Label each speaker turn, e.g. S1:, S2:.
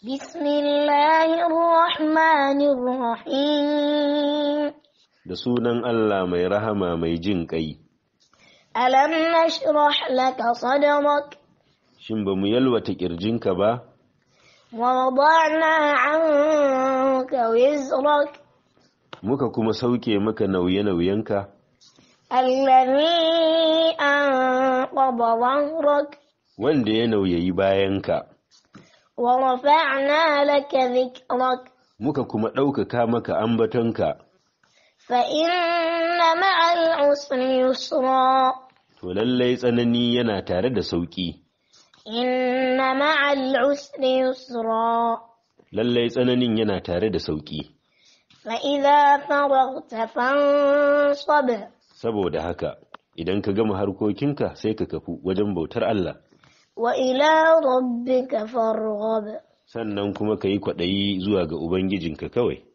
S1: بسم الله الرحمن الرحيم
S2: da sunan Allah mai rahma mai jin ƙai.
S1: Alam nashrah laka sadrak
S2: Shin ba mu yalwata ƙirjinka ba?
S1: Wa wada'na 'anka wizrak
S2: Muka kuma sauke maka nauye-nauyenka?
S1: Allazi an rak
S2: Wanda ya nauyayi bayanka.
S1: wa rafa'na laka dhikrak
S2: muka kuma ɗaukaka maka ambatonka
S1: fa inna ma'al usri yusra
S2: to lallai tsanani yana tare da sauƙi.
S1: inna ma'al usri yusra
S2: lallai tsananin yana tare da sauki
S1: فإذا فرغت فانصب
S2: saboda haka idan ka gama harkokinka sai ka kafu wajen bautar Allah
S1: wa ila rabbika farghab
S2: sannan kuma ka yi kwaɗayi zuwa ga ubangijinka kawai